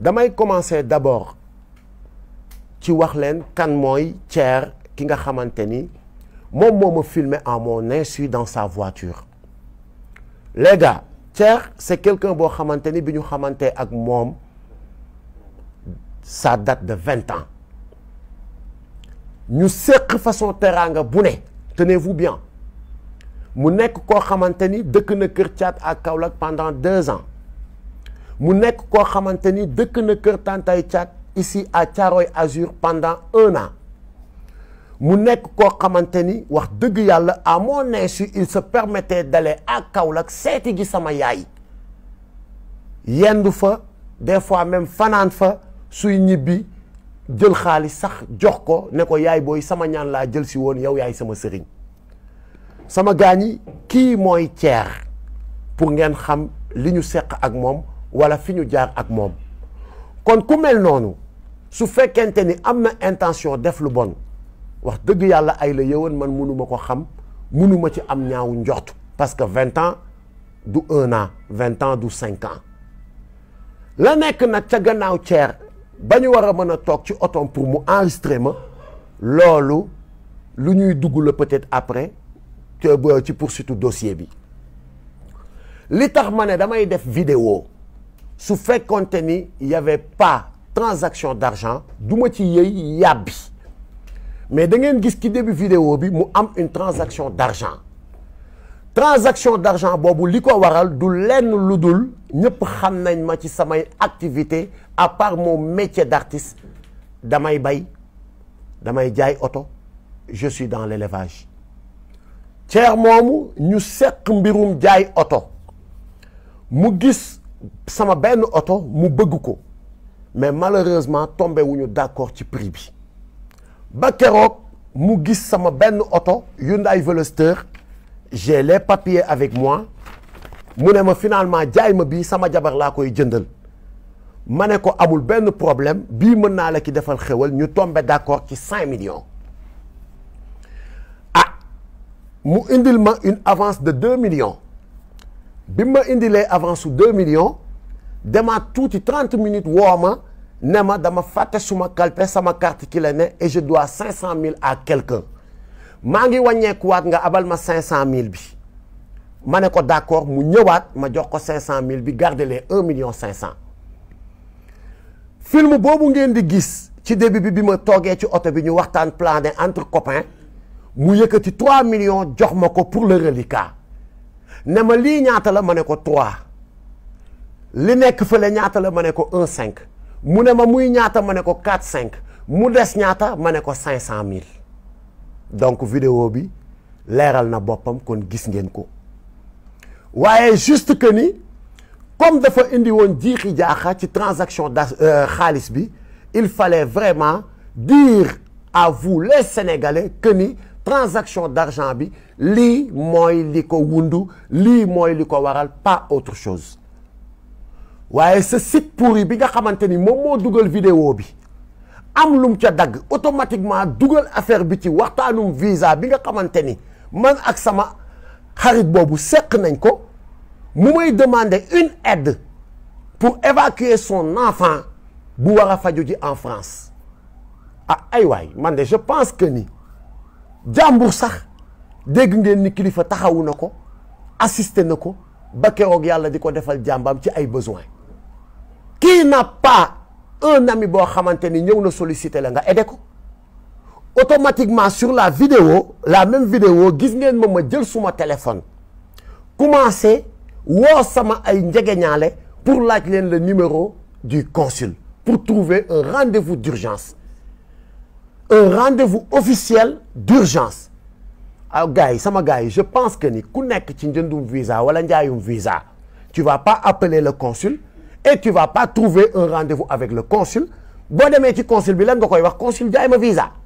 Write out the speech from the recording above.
damay commencer d'abord ci wax len kan moy tier ki nga xamanteni mom moom filmé en mon insu dans sa voiture les gars Thier c'est quelqu'un bo xamanteni biñu xamanté ak mom ça date de 20 ans ñu séq façon terrain bu ne tenez-vous bien mu nek ko xamanteni ni na Kër à Kaolack pendant deux ans mu nekk koo xamante ni na kër Tantay Thiat ici à Thiaroye Azur pendant un an mu nekk koo xamante ni wax à mon insu il se permettait d'aller à Kaolack seeti gi sama yaay yendu fa des fois même fanaan fa suy ñibbi djel xaalis sax jox ko ne ko yaay booy sama ñaan la djel si won yow yaay sama sëriñ sama gaañi ki mooy ceer pour ngeen xam li ñu ak wala fiñu jaar ak mom kon ku mel nonu su fekente ni amna intention def lu bon wax deug yalla ay la yewon man munuma ko xam munuma ci am ñaaw njott parce que 20 ans du 1 an 20 ans du 5 ans la nek nak ca gannaaw cher bañu wara mëna tok ci auto pour mu enregistrer ma lolu lu ñuy peut-être après euh, ci poursuite dossier bi li tax mané damay def vidéo sous su contenu il y avait pas transaction d'argent du ma ci yëy yàbbi mais da ngeen gis ci début vidéo bi mu am une transaction d'argent transaction d'argent boobu li ko waral du lenn lu dul ñëpp xam nañ ma ci samay activité à part mon métier d'artiste damay bay damay jaay oto je suis dans l'élevage cher moomu ñu seq mbirum jaay oto mu gis sama ben auto mu bëgg mais malheureusement tombé suis d'accord ci prix bi mu sama Hyundai Veloster j'ai les papiers avec moi je finalement jaay ma bi sama jabar la koy jëndal mané ko amul problème bi mën na la ki defal d'accord ci 5 millions ah mu indil ma une avance de 2 millions bimba indi indilee avance 2 millions je tout 30 minutes woo ma dama suma sama carte et je dois 000 à quelqu'un Je suis wat nga abal ma 500000 bi mané ko d'accord mu ñëwaat ma jox ko 500000 bi garder les 1 million 500. film bobu ngeen di gis ci début bi bima togué ci auto bi ñu waxtaan plané entre copains mu yëkëti 3 millions jox mako pour le reliquat n'a ma li la mané ko 3 li nek feulé ñaata la mané ko 1 5 mu ne ma muy ñaata mané ko 4 5 mu dess ñaata mané ko 500000 donc vidéo bi léral na bopam kon gis ngeen ko waye juste que ni comme dafa indi won jixi jaxa ci transaction khalis euh, bi il fallait vraiment dire à vous les sénégalais que ni transaction d'argent bi li moy li ko wundu li moy li ko waral pas autre chose waye se site pourri bi nga xamanteni mom mo vidéo bi am lum ca dag automatiquement dugal affaire bi ci visa bi nga xamanteni man ak sama xarit bobu seq nañ ko une aide pour évacuer son enfant bu war en France ah ay way man je pense que ni Jambour sax dégg ngeen ni kilifa taxawu nako assister nako na ko ba keroog yàlla di defal jàmbaam ci ay besoin Qui n'a pas un ami bo xamante ñew na solliciter la nga aidé ko automatiquement sur la vidéo la même vidéo gis ngeen mo ma jël suma téléphone commencer woo sama ay njegeñaale pour laaj leen le numéro du consul pour trouver un rendez-vous d'urgence un rendez-vous officiel d'urgence ah gars ça je pense que ni ku nekk ci visa wala un visa tu vas pas appeler le consul et tu vas pas trouver un rendez-vous avec le consul Bon, demain tu consul bi pas consul jaay mo visa